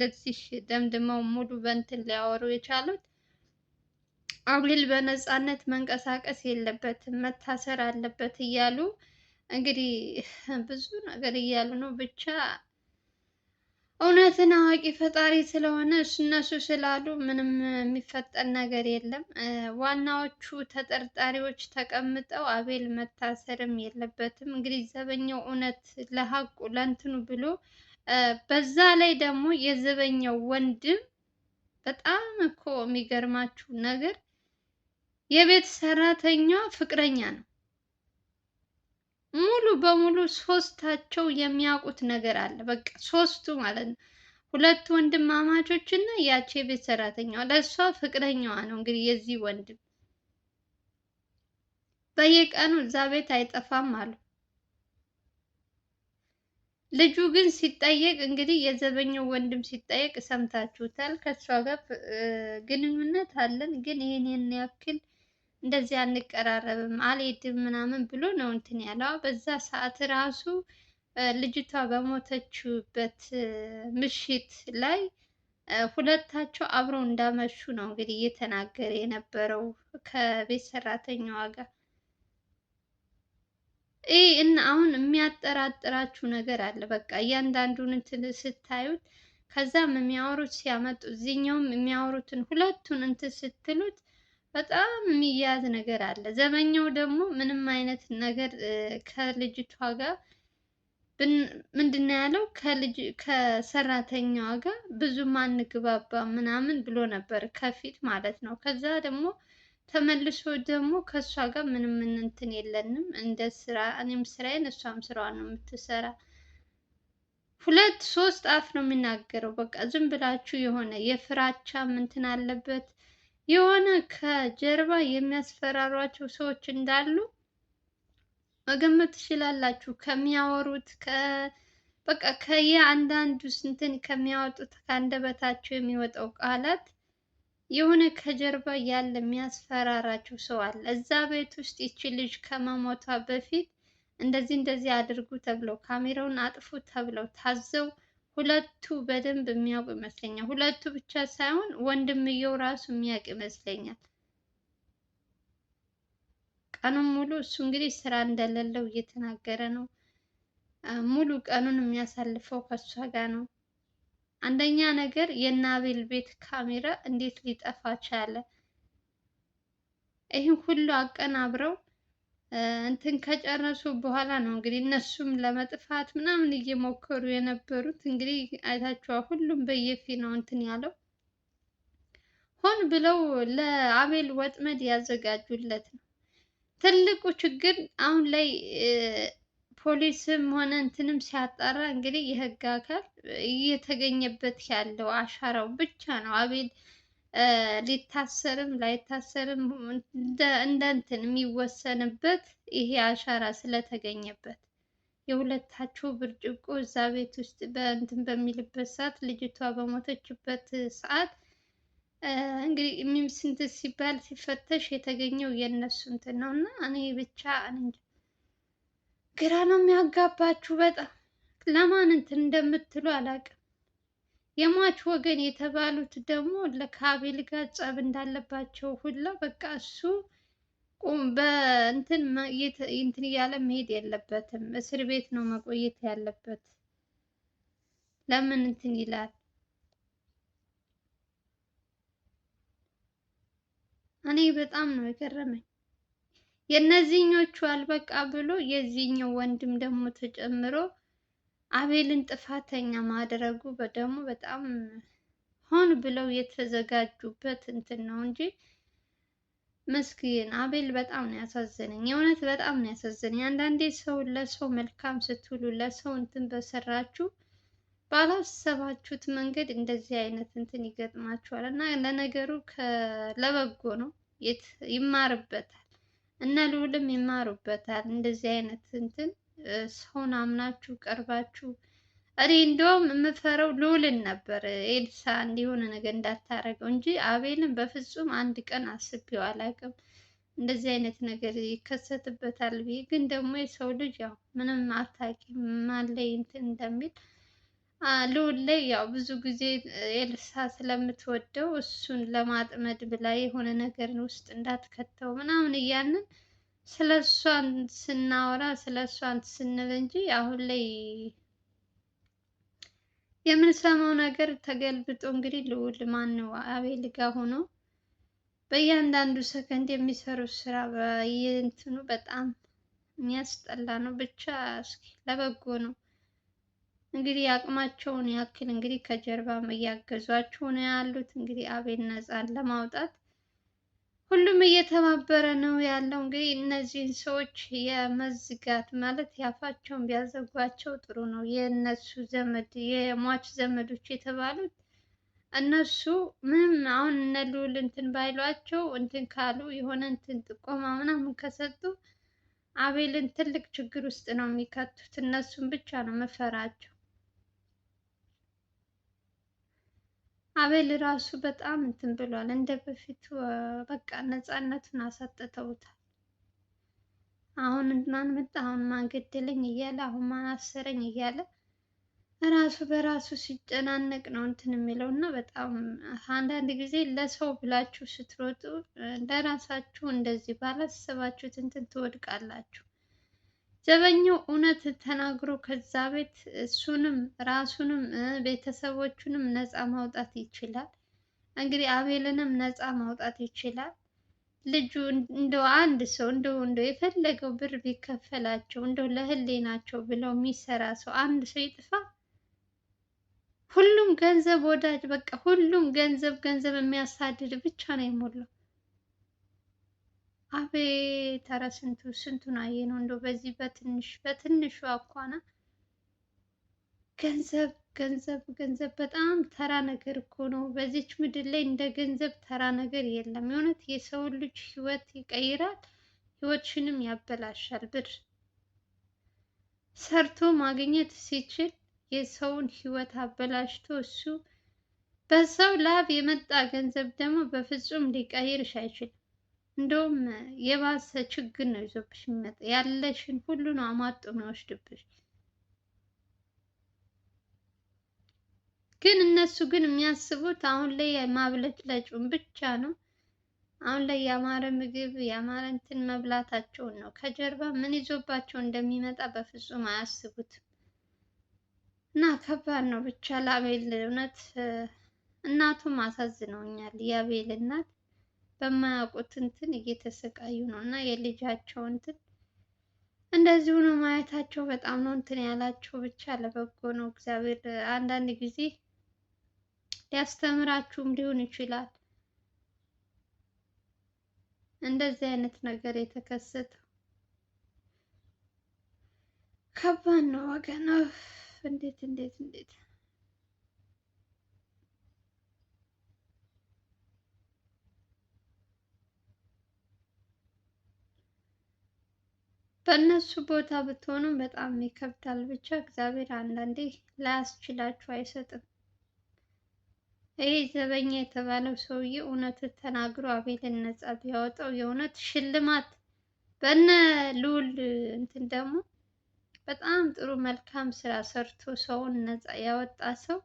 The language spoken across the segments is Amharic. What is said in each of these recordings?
ለዚህ ደምድመው ሙሉ በንትን ሊያወሩ የቻሉት አቤል በነፃነት መንቀሳቀስ የለበትም መታሰር አለበት እያሉ እንግዲህ ብዙ ነገር እያሉ ነው። ብቻ እውነትን አዋቂ ፈጣሪ ስለሆነ እነሱ ስላሉ ምንም የሚፈጠር ነገር የለም። ዋናዎቹ ተጠርጣሪዎች ተቀምጠው አቤል መታሰርም የለበትም እንግዲህ ዘበኛው እውነት ለሀቁ ለእንትኑ ብሎ በዛ ላይ ደግሞ የዘበኛው ወንድም በጣም እኮ የሚገርማችሁ ነገር የቤት ሰራተኛ ፍቅረኛ ነው። ሙሉ በሙሉ ሶስታቸው የሚያውቁት ነገር አለ። በቃ ሶስቱ ማለት ነው። ሁለቱ ወንድማማቾች እና ያቺ የቤት ሰራተኛዋ ለእሷ ፍቅረኛዋ ነው። እንግዲህ የዚህ ወንድም በየቀኑ እዛ ቤት አይጠፋም አሉ። ልጁ ግን ሲጠየቅ እንግዲህ የዘበኛው ወንድም ሲጠየቅ ሰምታችሁታል። ከእሷ ጋር ግንኙነት አለን ግን ይህንን ያክል እንደዚህ አንቀራረብም አልሄድም ምናምን ብሎ ነው እንትን ያለው። በዛ ሰዓት ራሱ ልጅቷ በሞተችበት ምሽት ላይ ሁለታቸው አብረው እንዳመሹ ነው እንግዲህ እየተናገረ የነበረው ከቤት ሰራተኛዋ ጋር ይህ እና አሁን የሚያጠራጥራችሁ ነገር አለ። በቃ እያንዳንዱን እንትን ስታዩት ከዛም የሚያወሩት ሲያመጡ እዚህኛውም የሚያወሩትን ሁለቱን እንትን ስትሉት በጣም የሚያዝ ነገር አለ። ዘመኛው ደግሞ ምንም አይነት ነገር ከልጅቷ ጋር ምንድን ነው ያለው? ከሰራተኛዋ ጋር ብዙም አንግባባ ምናምን ብሎ ነበር ከፊት ማለት ነው። ከዛ ደግሞ ተመልሶ ደግሞ ከእሷ ጋር ምንም እንትን የለንም። እንደ ስራ እኔም ስራዬን እሷም ስራዋን ነው የምትሰራ። ሁለት ሶስት አፍ ነው የሚናገረው። በቃ ዝም ብላችሁ የሆነ የፍራቻ ምንትን አለበት የሆነ ከጀርባ የሚያስፈራሯቸው ሰዎች እንዳሉ መገመት ትችላላችሁ። ከሚያወሩት በቃ ከየአንዳንዱ ስንትን ከሚያወጡት ከአንደበታቸው የሚወጣው ቃላት የሆነ ከጀርባ ያለ የሚያስፈራራችሁ ሰው አለ። እዛ ቤት ውስጥ ይቺ ልጅ ከመሞቷ በፊት እንደዚህ እንደዚህ አድርጉ ተብለው ካሜራውን አጥፉ ተብለው ታዘው ሁለቱ በደንብ የሚያውቁ ይመስለኛል። ሁለቱ ብቻ ሳይሆን ወንድምየው ራሱ የሚያውቅ ይመስለኛል። ቀኑን ሙሉ እሱ እንግዲህ ስራ እንደሌለው እየተናገረ ነው። ሙሉ ቀኑን የሚያሳልፈው ከእሷ ጋር ነው። አንደኛ ነገር የናቤል ቤት ካሜራ እንዴት ሊጠፋ ቻለ? ይህን ሁሉ አቀናብረው እንትን ከጨረሱ በኋላ ነው እንግዲህ እነሱም ለመጥፋት ምናምን እየሞከሩ የነበሩት። እንግዲህ አይታችኋል፣ ሁሉም በየፊ ነው እንትን ያለው። ሆን ብለው ለአቤል ወጥመድ ያዘጋጁለት ነው። ትልቁ ችግር አሁን ላይ ፖሊስም ሆነ እንትንም ሲያጣራ እንግዲህ የህግ አካል እየተገኘበት ያለው አሻራው ብቻ ነው። አቤል ሊታሰርም ላይታሰርም እንደ እንትን የሚወሰንበት ይሄ አሻራ ስለተገኘበት የሁለታቸው ብርጭቆ እዛ ቤት ውስጥ በእንትን በሚልበት ሰዓት ልጅቷ በሞተችበት ሰዓት እንግዲህ የሚስንት ሲባል ሲፈተሽ የተገኘው የእነሱ እንትን ነው እና እኔ ብቻ እንጃ ግራ ነው የሚያጋባችሁ በጣም ለማን እንትን እንደምትሉ አላውቅም። የሟች ወገን የተባሉት ደግሞ ከአቤል ጋር ጸብ እንዳለባቸው ሁላ በቃ እሱ በእንትን እንትን እያለ መሄድ የለበትም። እስር ቤት ነው መቆየት ያለበት። ለምን እንትን ይላል? እኔ በጣም ነው የገረመኝ። የእነዚህኞቹ አልበቃ ብሎ የዚህኛው ወንድም ደግሞ ተጨምሮ አቤልን ጥፋተኛ ማድረጉ ደግሞ በጣም ሆን ብለው የተዘጋጁበት እንትን ነው እንጂ ምስኪን አቤል በጣም ነው ያሳዘነኝ። የእውነት በጣም ነው ያሳዘነኝ። አንዳንዴ ሰው ለሰው መልካም ስትሉ ለሰው እንትን በሰራችሁ ባላሰባችሁት መንገድ እንደዚህ አይነት እንትን ይገጥማችኋል እና ለነገሩ ለበጎ ነው፣ ይማርበታል። እነ ልዑልም ይማሩበታል። እንደዚህ አይነት እንትን ሰውን አምናችሁ ቀርባችሁ እኔ እንደውም የምፈረው ልዑልን ነበር። ኤልሳ እንዲሆነ ነገር እንዳታረገው እንጂ አቤልን በፍጹም አንድ ቀን አስቤው አላውቅም። እንደዚህ አይነት ነገር ይከሰትበታል ብዬ ግን ደግሞ የሰው ልጅ ያው ምንም አታውቂም ማለይ እንትን እንደሚል ልውል ላይ ያው ብዙ ጊዜ ኤልሳ ስለምትወደው እሱን ለማጥመድ ብላ የሆነ ነገር ውስጥ እንዳትከተው ምናምን እያልን ስለ እሷን ስናወራ ስለ እሷን ስንል እንጂ አሁን ላይ የምንሰማው ነገር ተገልብጦ እንግዲህ ልውል ማን ነው አቤል ጋ ሆኖ በእያንዳንዱ ሰከንድ የሚሰሩት ስራ በየእንትኑ በጣም የሚያስጠላ ነው። ብቻ እስኪ ለበጎ ነው። እንግዲህ አቅማቸውን ያክል እንግዲህ ከጀርባም እያገዟችሁ ነው ያሉት። እንግዲህ አቤል ነፃን ለማውጣት ሁሉም እየተባበረ ነው ያለው። እንግዲህ እነዚህን ሰዎች የመዝጋት ማለት ያፋቸውን ቢያዘጓቸው ጥሩ ነው። የእነሱ ዘመድ የሟች ዘመዶች የተባሉት እነሱ ምንም አሁን እነ ልዑል እንትን ባይሏቸው እንትን ካሉ የሆነ እንትን ጥቆማ ምናምን ከሰጡ አቤልን ትልቅ ችግር ውስጥ ነው የሚከቱት። እነሱን ብቻ ነው መፈራቸው። አቤል ራሱ በጣም እንትን ብሏል። እንደ በፊቱ በቃ ነፃነቱን አሳጥተውታል። አሁን ማን መጣ፣ አሁን ማን ገደለኝ እያለ አሁን ማን አሰረኝ እያለ ራሱ በራሱ ሲጨናነቅ ነው እንትን የሚለው እና በጣም አንዳንድ ጊዜ ለሰው ብላችሁ ስትሮጡ ለራሳችሁ እንደዚህ ባላሰባችሁት እንትን ትወድቃላችሁ። ዘበኛው እውነት ተናግሮ ከዛ ቤት እሱንም ራሱንም ቤተሰቦቹንም ነፃ ማውጣት ይችላል። እንግዲህ አቤልንም ነፃ ማውጣት ይችላል። ልጁ እንደው አንድ ሰው እንደው እንደው የፈለገው ብር ቢከፈላቸው እንደው ለህሊናቸው ብለው የሚሰራ ሰው አንድ ሰው ይጥፋ። ሁሉም ገንዘብ ወዳጅ፣ በቃ ሁሉም ገንዘብ ገንዘብ የሚያሳድድ ብቻ ነው የሞላው። አቤት! ኧረ ስንቱ ስንቱን አየህ ነው እንደው በዚህ በትንሽ በትንሹ አኳና ገንዘብ ገንዘብ ገንዘብ በጣም ተራ ነገር እኮ ነው። በዚች ምድር ላይ እንደ ገንዘብ ተራ ነገር የለም። የእውነት የሰው ልጅ ህይወት ይቀይራል፣ ህይወትሽንም ያበላሻል። ብር ሰርቶ ማግኘት ሲችል የሰውን ህይወት አበላሽቶ እሱ በሰው ላብ የመጣ ገንዘብ ደግሞ በፍጹም ሊቀይርሽ አይችልም። እንደውም የባሰ ችግር ነው ይዞብሽ የሚመጣ ያለሽን ሁሉ ነው አሟጦ የሚወስድብሽ። ግን እነሱ ግን የሚያስቡት አሁን ላይ ማብለጭለጩን ብቻ ነው። አሁን ላይ ያማረ ምግብ ያማረ እንትን መብላታቸውን ነው። ከጀርባ ምን ይዞባቸው እንደሚመጣ በፍጹም አያስቡትም። እና ከባድ ነው ብቻ ለአቤል እውነት እናቱም አሳዝነውኛል የአቤል እናት በማያውቁት እንትን እየተሰቃዩ ነው እና የልጃቸው እንትን እንደዚሁ ነው ማየታቸው። በጣም ነው እንትን ያላቸው። ብቻ ለበጎ ነው። እግዚአብሔር አንዳንድ ጊዜ ሊያስተምራችሁም ሊሆን ይችላል እንደዚህ አይነት ነገር የተከሰተው። ከባድ ነው ወገን። እንዴት እንዴት እንዴት በእነሱ ቦታ ብትሆኑም በጣም ይከብዳል። ብቻ እግዚአብሔር አንዳንዴ ላያስችላችሁ አይሰጥም። ይሄ ዘበኛ የተባለው ሰውዬ እውነት ተናግሮ አቤልን ነጻ ቢያወጣው የእውነት ሽልማት በነ ልዑል እንትን ደግሞ በጣም ጥሩ መልካም ስራ ሰርቶ ሰውን ነጻ ያወጣ ሰው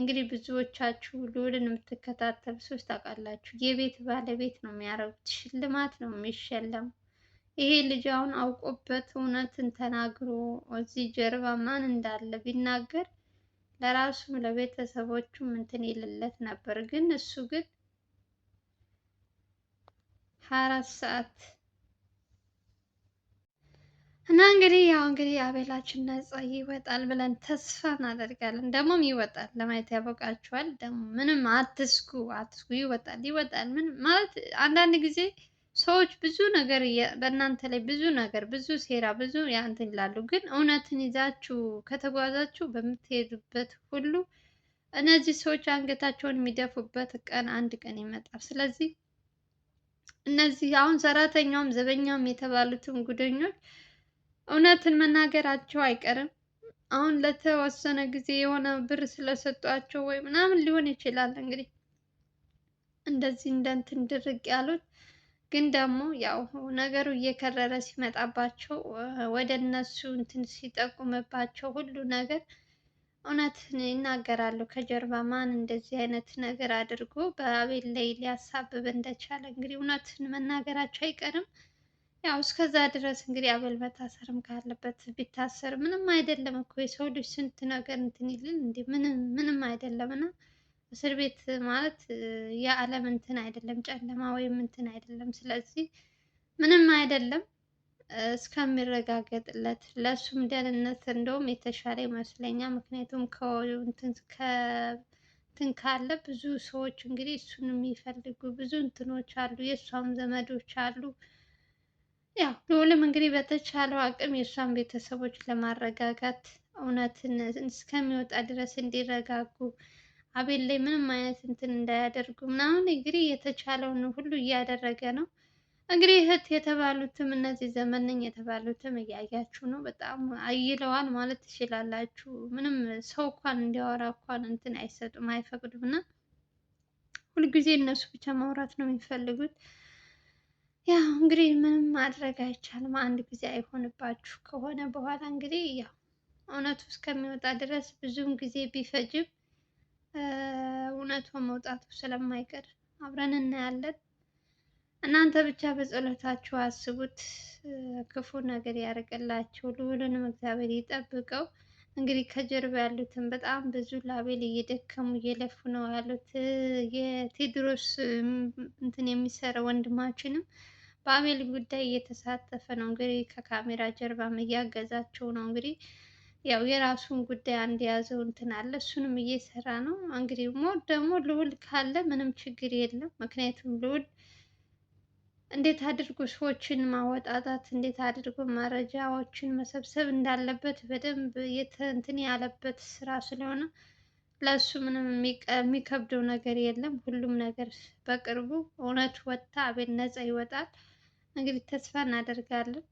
እንግዲህ ብዙዎቻችሁ ልዑልን የምትከታተሉ ሰዎች ታውቃላችሁ። የቤት ባለቤት ነው የሚያደርጉት፣ ሽልማት ነው የሚሸለመው። ይሄ ልጅ አሁን አውቆበት እውነትን ተናግሮ እዚህ ጀርባ ማን እንዳለ ቢናገር ለራሱም ለቤተሰቦቹም እንትን ይልለት ነበር። ግን እሱ ግን ሀያ አራት ሰዓት እና እንግዲህ ያው እንግዲህ አቤላችን ነጻ ይወጣል ብለን ተስፋ እናደርጋለን። ደግሞም ይወጣል፣ ለማየት ያበቃችኋል። ደግሞ ምንም አትስጉ፣ አትስጉ፣ ይወጣል፣ ይወጣል። ምን ማለት አንዳንድ ጊዜ ሰዎች ብዙ ነገር በእናንተ ላይ ብዙ ነገር ብዙ ሴራ ብዙ ያንትን ይላሉ። ግን እውነትን ይዛችሁ ከተጓዛችሁ በምትሄዱበት ሁሉ እነዚህ ሰዎች አንገታቸውን የሚደፉበት ቀን አንድ ቀን ይመጣል። ስለዚህ እነዚህ አሁን ሰራተኛውም ዘበኛውም የተባሉትም ጉደኞች እውነትን መናገራቸው አይቀርም። አሁን ለተወሰነ ጊዜ የሆነ ብር ስለሰጧቸው ወይ ምናምን ሊሆን ይችላል። እንግዲህ እንደዚህ እንደንትን ድርቅ ያሉት ግን ደግሞ ያው ነገሩ እየከረረ ሲመጣባቸው ወደ እነሱ እንትን ሲጠቁምባቸው ሁሉ ነገር እውነት ይናገራሉ። ከጀርባ ማን እንደዚህ አይነት ነገር አድርጎ በአቤል ላይ ሊያሳብብ እንደቻለ እንግዲህ እውነትን መናገራቸው አይቀርም። ያው እስከዛ ድረስ እንግዲህ አቤል መታሰርም ካለበት ቢታሰር ምንም አይደለም እኮ የሰው ልጅ ስንት ነገር እንትን ይልን እንዲ ምንም ምንም አይደለም እና እስር ቤት ማለት የዓለም እንትን አይደለም፣ ጨለማ ወይም እንትን አይደለም። ስለዚህ ምንም አይደለም እስከሚረጋገጥለት ለእሱም ደህንነት እንደውም የተሻለ ይመስለኛል። ምክንያቱም ከእንትን ካለ ብዙ ሰዎች እንግዲህ እሱን የሚፈልጉ ብዙ እንትኖች አሉ፣ የእሷም ዘመዶች አሉ። ያው ልዑልም እንግዲህ በተቻለው አቅም የእሷን ቤተሰቦች ለማረጋጋት እውነትን እስከሚወጣ ድረስ እንዲረጋጉ አቤል ላይ ምንም አይነት እንትን እንዳያደርጉ ምናምን እንግዲህ የተቻለውን ሁሉ እያደረገ ነው። እንግዲህ እህት የተባሉትም እነዚህ ዘመነኝ የተባሉትም እያያችሁ ነው። በጣም አይለዋል ማለት ትችላላችሁ። ምንም ሰው እንኳን እንዲያወራ እንኳን እንትን አይሰጡም አይፈቅዱም። እና ሁልጊዜ እነሱ ብቻ ማውራት ነው የሚፈልጉት። ያው እንግዲህ ምንም ማድረግ አይቻልም። አንድ ጊዜ አይሆንባችሁ ከሆነ በኋላ እንግዲህ ያው እውነቱ እስከሚወጣ ድረስ ብዙም ጊዜ ቢፈጅም እውነቱ መውጣቱ ስለማይቀር አብረን እናያለን። እናንተ ብቻ በጸሎታችሁ አስቡት። ክፉ ነገር ያደርግላችሁ። ልዑልንም እግዚአብሔር ይጠብቀው። እንግዲህ ከጀርባ ያሉትን በጣም ብዙ ላቤል እየደከሙ እየለፉ ነው ያሉት። የቴድሮስ እንትን የሚሰራ ወንድማችንም በአቤል ጉዳይ እየተሳተፈ ነው። እንግዲህ ከካሜራ ጀርባም እያገዛቸው ነው እንግዲህ ያው የራሱን ጉዳይ አንድ የያዘው እንትን አለ። እሱንም እየሰራ ነው። እንግዲህ ሞት ደግሞ ልዑል ካለ ምንም ችግር የለም። ምክንያቱም ልዑል እንዴት አድርጎ ሰዎችን ማወጣጣት፣ እንዴት አድርጎ መረጃዎችን መሰብሰብ እንዳለበት በደንብ እንትን ያለበት ስራ ስለሆነ ለእሱ ምንም የሚከብደው ነገር የለም። ሁሉም ነገር በቅርቡ እውነት ወጥታ አቤል ነፃ ይወጣል። እንግዲህ ተስፋ እናደርጋለን።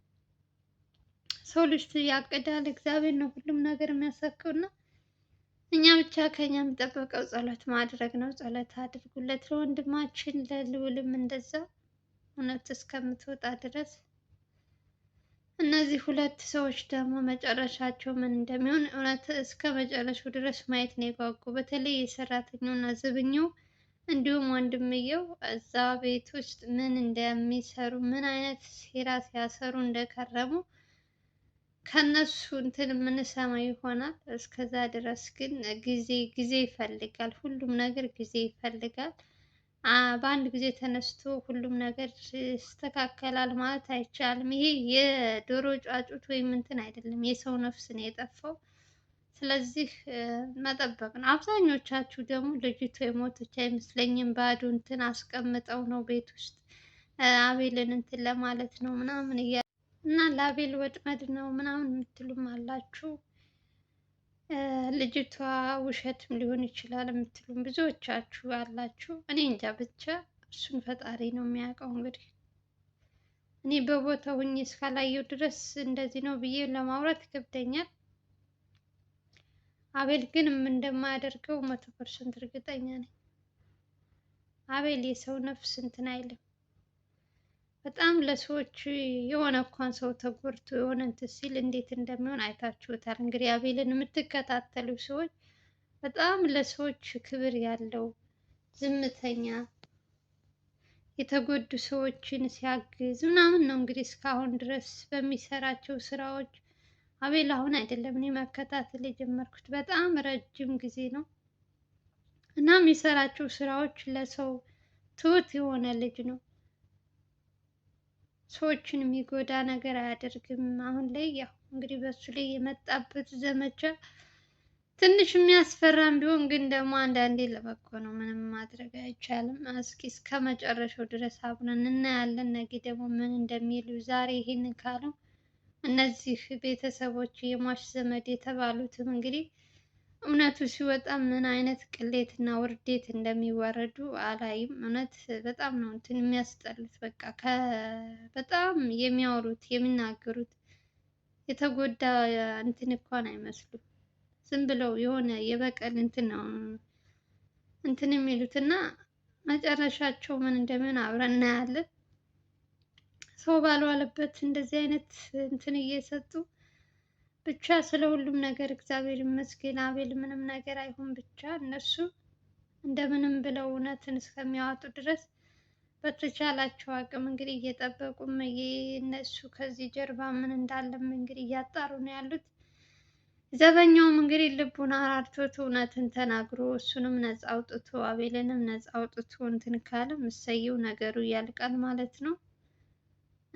ሰው ልጅ ያቅዳል፣ እግዚአብሔር ነው ሁሉም ነገር የሚያሳካው እና እኛ ብቻ ከኛ የሚጠበቀው ጸሎት ማድረግ ነው። ጸሎት አድርጉለት ለወንድማችን ለልዑልም እንደዛ እውነት እስከምትወጣ ድረስ። እነዚህ ሁለት ሰዎች ደግሞ መጨረሻቸው ምን እንደሚሆን እውነት እስከ መጨረሻው ድረስ ማየት ነው የጓጉ። በተለይ የሰራተኛውና ዝብኛው እንዲሁም ወንድምየው እዛ ቤት ውስጥ ምን እንደሚሰሩ ምን አይነት ሴራ ሲያሰሩ እንደከረሙ ከነሱ እንትን የምንሰማ ይሆናል። እስከዛ ድረስ ግን ጊዜ ጊዜ ይፈልጋል። ሁሉም ነገር ጊዜ ይፈልጋል። በአንድ ጊዜ ተነስቶ ሁሉም ነገር ይስተካከላል ማለት አይቻልም። ይሄ የዶሮ ጫጩት ወይም እንትን አይደለም፣ የሰው ነፍስ ነው የጠፋው። ስለዚህ መጠበቅ ነው። አብዛኞቻችሁ ደግሞ ልጅቱ የሞተች አይመስለኝም፣ ባዶ እንትን አስቀምጠው ነው ቤት ውስጥ አቤልን እንትን ለማለት ነው ምናምን እያ እና ለአቤል ወጥመድ ነው ምናምን የምትሉም አላችሁ። ልጅቷ ውሸትም ሊሆን ይችላል የምትሉም ብዙዎቻችሁ አላችሁ። እኔ እንጃ ብቻ እሱን ፈጣሪ ነው የሚያውቀው። እንግዲህ እኔ በቦታው ሁኜ እስካላየው ድረስ እንደዚህ ነው ብዬ ለማውራት ይከብደኛል። አቤል ግን እንደማያደርገው መቶ ፐርሰንት እርግጠኛ ነኝ። አቤል የሰው ነፍስ እንትን አይልም። በጣም ለሰዎች የሆነ እንኳን ሰው ተጎድቶ የሆነ እንትን ሲል እንዴት እንደሚሆን አይታችሁታል። እንግዲህ አቤልን የምትከታተሉ ሰዎች በጣም ለሰዎች ክብር ያለው ዝምተኛ፣ የተጎዱ ሰዎችን ሲያግዝ ምናምን ነው እንግዲህ እስካሁን ድረስ በሚሰራቸው ስራዎች አቤል አሁን አይደለም እኔ መከታተል የጀመርኩት በጣም ረጅም ጊዜ ነው። እና የሚሰራቸው ስራዎች ለሰው ትሁት የሆነ ልጅ ነው። ሰዎችን የሚጎዳ ነገር አያደርግም። አሁን ላይ ያው እንግዲህ በሱ ላይ የመጣበት ዘመቻ ትንሽ የሚያስፈራም ቢሆን ግን ደግሞ አንዳንዴ ለበጎ ነው። ምንም ማድረግ አይቻልም። እስኪ እስከ መጨረሻው ድረስ አብረን እናያለን። ነገ ደግሞ ምን እንደሚሉ ዛሬ ይህን ካሉ እነዚህ ቤተሰቦች የሟች ዘመድ የተባሉትም እንግዲህ እውነቱ ሲወጣ ምን አይነት ቅሌት እና ውርዴት እንደሚዋረዱ አላይም። እውነት በጣም ነው እንትን የሚያስጠሉት። በቃ በጣም የሚያወሩት የሚናገሩት የተጎዳ እንትን እንኳን አይመስሉም። ዝም ብለው የሆነ የበቀል እንትን ነው እንትን የሚሉት እና መጨረሻቸው ምን እንደሚሆን አብረን እናያለን። ሰው ባልዋለበት እንደዚህ አይነት እንትን እየሰጡ ብቻ ስለ ሁሉም ነገር እግዚአብሔር ይመስገን። አቤል ምንም ነገር አይሁን። ብቻ እነሱ እንደምንም ብለው እውነትን እስከሚያወጡ ድረስ በተቻላቸው አቅም እንግዲህ እየጠበቁም እነሱ ከዚህ ጀርባ ምን እንዳለም እንግዲህ እያጣሩ ነው ያሉት። ዘበኛውም እንግዲህ ልቡን አራርቶት እውነትን ተናግሮ እሱንም ነፃ አውጥቶ አቤልንም ነፃ አውጥቶ እንትን ካለ ምሰየው ነገሩ ያልቃል ማለት ነው።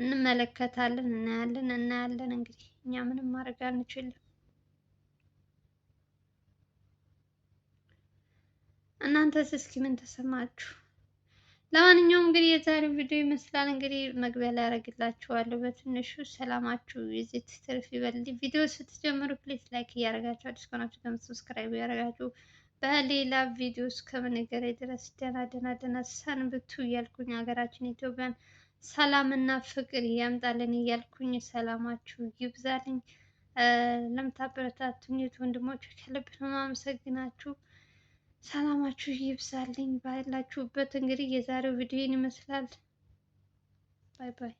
እንመለከታለን፣ እናያለን፣ እናያለን። እንግዲህ እኛ ምንም ማድረግ አንችልም። እናንተስ እስኪ ምን ተሰማችሁ? ለማንኛውም እንግዲህ የዛሬው ቪዲዮ ይመስላል። እንግዲህ መግቢያ ላይ ያደረግላችኋለሁ በትንሹ። ሰላማችሁ የዚህ ትርፍ ይበል። ቪዲዮ ስትጀምሩ ፕሌስ ላይክ እያደረጋችሁ አዲስ ከሆናችሁ ደግሞ ሰብስክራይብ እያደረጋችሁ በሌላ ቪዲዮ እስከምንገናኝ ድረስ ደህና ደህና ደህና ሰንብቱ እያልኩኝ ሀገራችን ኢትዮጵያን ሰላምና ፍቅር ያምጣልን እያልኩኝ ሰላማችሁ ይብዛልኝ። ለምታበረታቱኝ ወንድሞች ከልብ ነው አመሰግናችሁ። ሰላማችሁ ይብዛልኝ ባላችሁበት። እንግዲህ የዛሬው ቪዲዮ ይመስላል። ባይ ባይ።